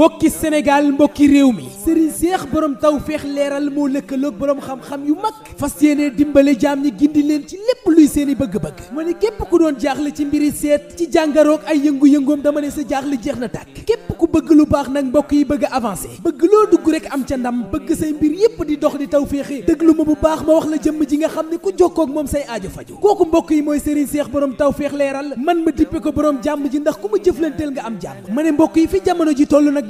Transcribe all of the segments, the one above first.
mbokki Sénégal mbokki réew mi sëriñ seex borom taw feex leeral moo lëkkaloog borom xam-xam yu mag fas yéene dimbale jaam ñi gindi leen ci lépp luy seeni bëgg-bëgg ma ne képp ku doon jaaxle ci mbiri seet ci jàngaroog ay yëngu-yëngoom dama ne sa jaaxle jeex na tàkk képp ku bëgg lu baax nag mbokk yi bëgg a bëgg loo dugg rek am ca ndam bëgg say mbir yépp di dox di taw féexe déglu ma bu baax ma wax la jëm ji nga xam ne ku jokkoo ak moom say aajo faju kooku mbokk yi mooy sëriñ seex borom taw feex leeral man ma dippe ko borom jàmm ji ndax ku ma jëflanteel nga am jàmm ma ne mbokk yi fi jamono ji toll nag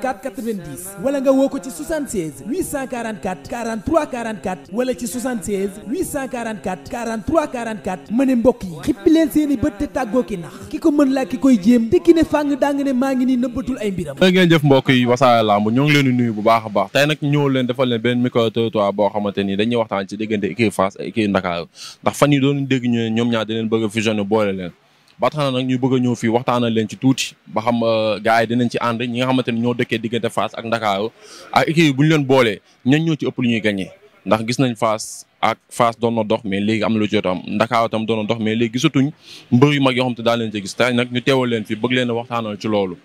844 90 wala nga woo ko ci 76 844 43 44 wala ci 76 844 43 44 ma ne mbokk yi xippileen seeni bët te tàggoo ki nax ki ko mën laa ki koy jéem te ki ne fàng daa nga ne maa ngi nii nëbbatul ay mbiram da ngeen jëf mbokk yi Wassare Lamb ñoo ngi leen di nuyu bu baax a baax tey nag ñëw leen defal leen benn micro territoire boo xamante nii dañuy waxtaan ci diggante équipe Fass ak Ndakaaru ndax fan yi doon dégg ñu ne ñoom ñaar da leen bëgg a fusionner boole leen ba tax nag ñu bëgg a ñëw fii waxtaanal leen ci tuuti ba xam euh, gars yi dinañ ci ànd ñi nga xamante ni ñoo dëkkee diggante Fass ak Ndakaaru ak équipe yi bu ñu leen boolee ñan ñoo ci ëpp lu ñuy gagné ndax gis nañ Fass ak Fass doon na dox mais léegi am na lu jot tam doon na dox mais léegi gisatuñ mbër yu mag yoo te daa gis tey nag ñu teewal leen fii bëgg leen a waxtaanal ci loolu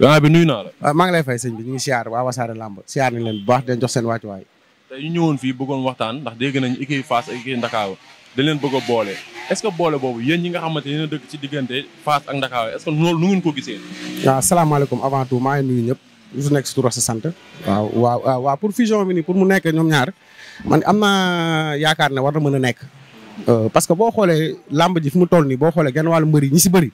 yaa bi nuyu naa la. waaw ah, lay fay sëñ bi ñu ngi siyaar waa Wassare Lamb siyaar nañ leen bu baax di leen jox seen wàccuwaay tey ñu ñëwoon fii bëggoon waxtaan ndax dégg nañ équipe Fass ak équipe Ndakaaru leen bëgg a boole est-ce que boole boobu yéen ñi nga xamante yéen a dëkk ci diggante Fass ak Ndakaaru est-ce que loolu nu ko gisee waaw asalaamaaleykum avant tout maa ngi nuyu ñëpp su nekk si tur sa sant waaw waaw pour fusion bi nii pour mu nekk ñoom ñaar man am naa yaakaar ne war na mën a nekk euh, parce que boo xoolee làmb ji fu mu toll nii boo xoolee genn wàllu mbëri ñi si bëri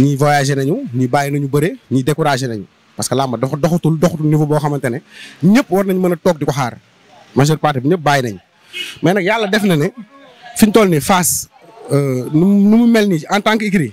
ñi voyagé nañu ñi bàyyi nañu bëre ñi découragé nañu parce que làmb dox doxatul doxatul niveau boo xamante ne ñëpp war nañ mën a toog di ko xaar majeure partie bi ñëpp bàyyi nañ mais nag yàlla def na ne fi ñu toll nii Fass euh, nu nu mu mel nii en tant que écrit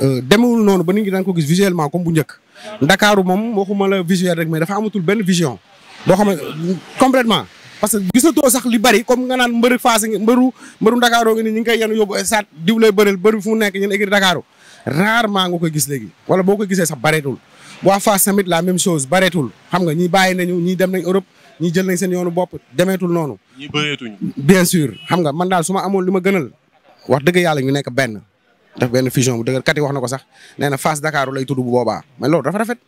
euh, demewul noonu ba nit ñi daan ko gis visuellement comme bu njëkk Ndakaaru moom waxuma la visuel rek mais dafa amatul benn vision boo xam ne complètement parce que gisatoo sax li bari comme nga naan mbëru Fass mbëru mbëru Ndakaaroo nga ni ñu ngi koy yenu yóbbu saat diw lay bëreel nekk ñun écrit Ndakaaru rarement koy gis léegi wala boo ko gisee sax bareetul waa Fass tamit la même chose bareetul xam nga ñi bàyyi nañu ñi dem nañ Europe ñi jël nañ seen yoonu bopp demeetul noonu. ñi bëreetuñ. bien sûr xam nga man daal su ma amoon li ma gënal wax dëgg yàlla ñu nekk benn def benn fusion bu dëgër kat yi wax na ko sax nee na Fass Dakar lay tudd bu boobaa mais loolu dafa rafet.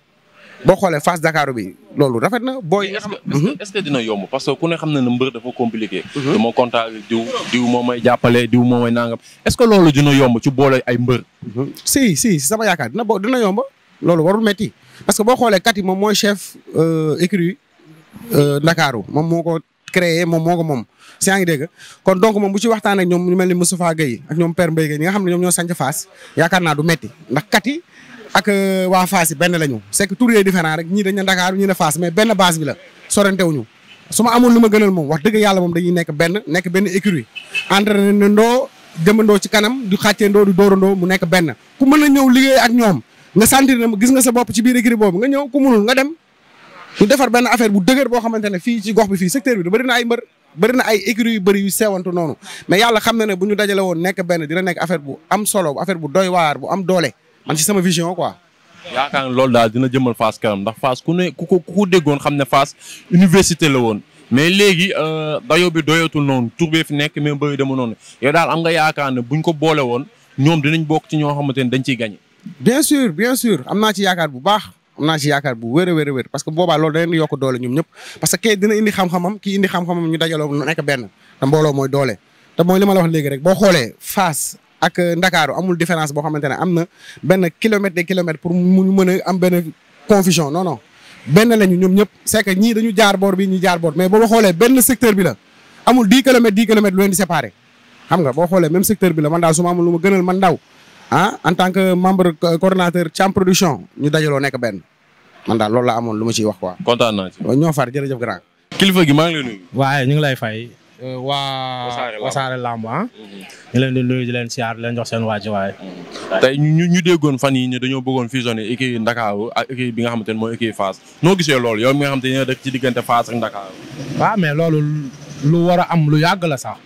boo xoolee face Dakar bi loolu rafet na booy yi nga xam parce que ku ne xam na ne mbër dafa compliqué mhm. du ma contact diw diw moo may jàppale diw moo may nangam est-ce yomb ci boole ay mbër mhm. si si sama yaakaar dina bo dina yomb loolu warul metti parce que boo xoolee kat yi moom mooy chef euh, écurie euh, Ndakaaru moom moo ko créé moom moo ko moom si yaa ngi dégg kon donc moom bu ci waxtaan ak ñoom ñu mel ni Moustapha Gueye ak ñoom Père Mbaye Gueye ne ñoom ñoo sanc Fass yaakaar naa du metti ndax kat yi ak euh, waa Fass benn la ñu c'est que tur yee différent rek ñii dañ ne Ndakaaru ñii ne Fass mais benn base bi la sorante su ma amoon lu ma gënal moom wax dëgg yàlla moom dañu nekk benn nekk benn écurie entraîné ndoo jëmandoo ci kanam du xàccee ndoo du dóorandoo mu nekk benn ku mën a ñëw liggéey ak ñoom nga na ne gis nga sa bopp ci biir écurie boobu nga ñëw ku munul nga dem ñu defar benn affaire bu dëgër boo xamante ne fii ci gox bi fii secteur bi du bëri na ay mbër bëri na ay yu bëri yu seewantu noonu mais yàlla xam na ne bu ñu dajale woon nekk benn dina nekk affaire bu am solo affaire bu doy waar bu am doole man ci sama vision quoi yaakaar ne loolu daal dina jëmal Fass kanam ndax Fass ku ne ku ko ku ko déggoon xam ne Fass université la woon mais léegi euh, dayoo bi doyatul noonu tur fi nekk mais mbëri dama noonu yow daal am nga yaakaar ne buñ ko boole woon ñoom dinañ bokk ci ñoo xamante ne dañ ciy gagné bien sûr bien sûr am naa ci yaakaar bu baax am naa ci yaakaar bu wér a wér a wér parce que boobaa loolu da leen yokk doole ñoom ñëpp parce que dina indi xam-xamam kii indi xam-xamam ñu dajaloo nekk benn te mbooloo mooy doole te mooy li ma boo xoolee euh, ne am na benn kilomètre de kilomètre pour mu mën am benn confusion non non benn lañu ñoom ñëpp c'est ñii dañu jaar boor bi ñu jaar boor mais boo xoolee benn secteur bi la amul 10 kilomètres 10 kilomètres lu leen séparé xam nga boo xoolee même secteur bi la man daal su ma amul lu ma gënal man daw ah en tant que membre euh, coordonnateur Thiam production ñu dajaloo nekk benn man daal loolu la amoon lu ma ciy wax ko kontaan naa ci ñoo far jërëjëf grand. kilifa gi maa ngi waaye ñu ngi lay fay. Euh, waa Wassare Lamb ah. Mhm. ñu leen di nuyu di leen siyaar di leen jox seen waa jiwaay. Mhm. tey ñu ñu déggoon fan yi ne dañoo bëggoon fusionné équipe Ndakaaru ak équipe bi nga xamante ne mooy équipe Fass noo gisee lool yow mi nga xamante ne dëkk ci diggante Fass ak Ndakaaru. waaw mais loolu lu war a am lu yàgg la sax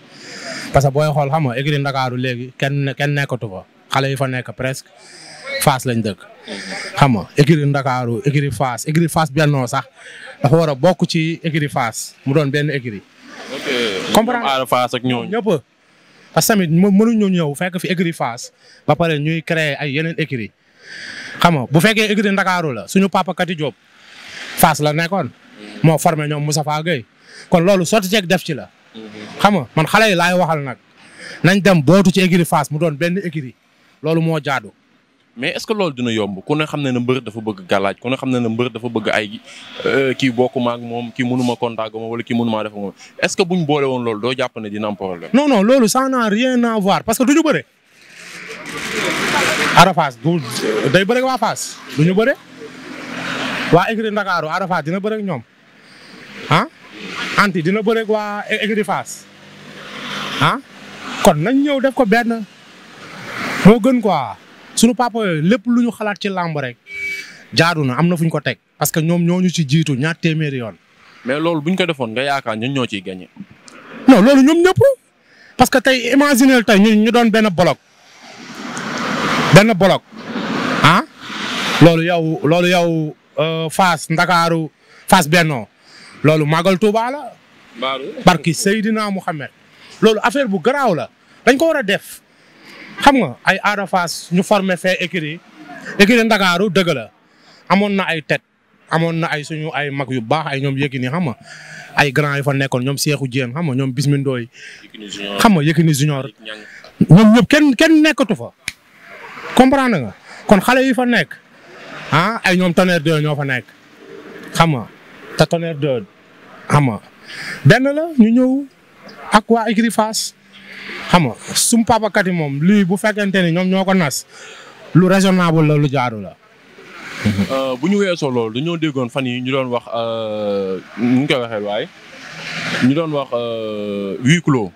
parce que booy xool xam Ndakaaru léegi kenn kenn nekkatu fa. xale yi fa nekk presque Fass lañ dëkk. xam nga écurie Ndakaaru écurie Fass écurie Fass bennoo sax dafa war a bokk ci écurie Fass mu doon benn écurie. ok comprendre Fass ak ñooñu ñëpp. parce que tamit mënuñu ñëw fekk fi écurie Fass ba pare ñuy créer ay yeneen écurie xam nga bu fekkee écurie Ndakaaru la suñu papa Kati Diop Fass la nekkoon. moo formé ñoom Moussa kon loolu sotti ek def ci la. Mhm. xam nga man xale yi laay waxal nag nañ dem bootu ci écurie Fass mu doon benn écurie loolu moo jaadu. mais est-ce que loolu dina yomb ku ne xam ne ne mbër dafa bëgg gàllaaj ku ne xam ne ne mbër dafa bëgg ay euh, kii bokkuma ak moom kii mënuma contact moom wala ki mënuma def moom est-ce que buñ boole woon loolu doo jàpp ne dina am problème. non non loolu ça n'a rien à voir parce que du ñu bëre. Arafas du day waa Fass du ñu bëre waa écurie dina bëre ak ñoom ah? anti dina bëre ak waa écurie Fass ah? kon nañ ñëw def ko benn. moo gën ko quoi sunu papa yooyu lépp lu ñu xalaat ci làmb rek jaaru na am na fu ñu ko teg parce que ñoom ñoo ñu ci jiitu ñaar téeméeri yoon. mais loolu bu ñu ko defoon nga yaakaar ñun ñoo ciy gagné. non loolu ñoom ñëpp parce que tey imaginer tey ñu ñu doon benn bloc benn bloc ah loolu yow loolu yow euh, Fass Ndakaaru Fass Benno loolu Magal Touba la. barki Seydina Mouhamed loolu affaire bu garaaw la dañ ko war a def. xam nga ay Ada Fass ñu formé fee écurie écurie Ndakaaru dëgg la amoon na ay tet amoon na ay suñu ay mag yu baax ay ñoom Yékini xam nga ay grand yu fa nekkoon ñoom seexu Diène xam nga ñoom Bismi xam nga Yékini Junior ñoom ñëpp kenn kenn nekkatu fa comprendre nga kon xale yi fa nekk ah ay ñoom Tonnerre 2 ñoo fa nekk xam nga te Tonnerre 2 xam la ñu ñëw ak waa écurie Fass xam nga suñu papakat yi moom lii bu fekkente ni ñoom ñoo ko nas lu raisonnable la lu jaaru la. Euh, bu ñu weesoo loolu dañoo déggoon fan yi ñu doon wax euh, nu ñu koy waxee waaye ñu doon wax euh, huis clos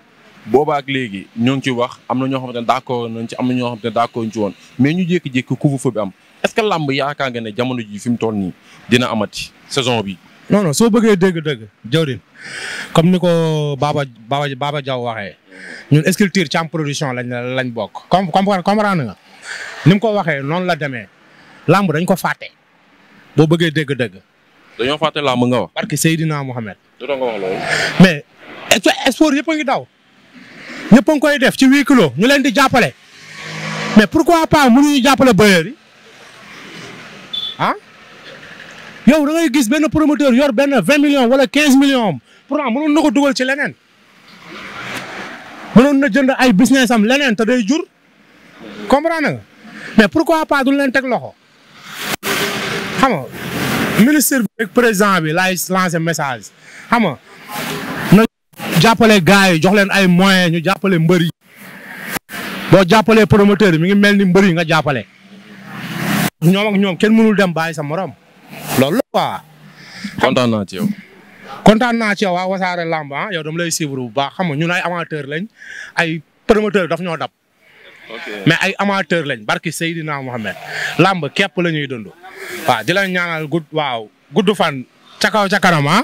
boobaa ak léegi ñoo ngi ci wax am na ñoo xamante ne d'accord nañ ci am na ñoo xamante ne d'accord ñu ci woon mais ñu jékki-jékki couvre-feu bi am est-ce que làmb yaakaar nga ne jamono ji fi mu toll nii dina amati saison bi. non soo bëggee dégg dëgg jawrin comme ni ko Baba Baba Baba Diaw waxee ñun sculpture ci am production lañ lañ bokk. comme comme comprendre nga ni mu ko waxee noonu la demee lamb dañ ko fàtte boo bëggee dégg dëgg dañoo fàtte lamb nga wax. parce que Seydina Mohamed. du nga wax loolu. mais sport yëpp a ngi daw ñëpp a ngi koy def ci huit kilo ñu leen di jàppale mais pourquoi pas mënuñu jàppale bailleurs yi ah. yow da ngay gis benn promoteur yor benn vingt millions wala quinze millions am pourtant mënoon na ko dugal ci leneen mënoon na jënd ay business am leneen te day jur comprendre nga mais pourquoi pas du leen teg loxo xam nga ministre bi président bi laay lancé message xam nga na jàppale gars yi jox leen ay moyens ñu jàppale mbër yi boo jàppalee promoteur mi ngi mel ni mbër yi nga jàppale ñoom ak kenn mënul dem bàyyi sa morom loolu waa kontaan naa ci kontaan naa ci waa wasaare lamb ah yow dama lay suivre bu baax xam nga ñun ay amateur lañ ay promoteur daf ñoo dab. mais ay amateur lañ barki Seydina Mohamed lamb képp la ñuy dund. waaw di la ñaanal gudd waaw gudd fan ca kaw ca kanam ah.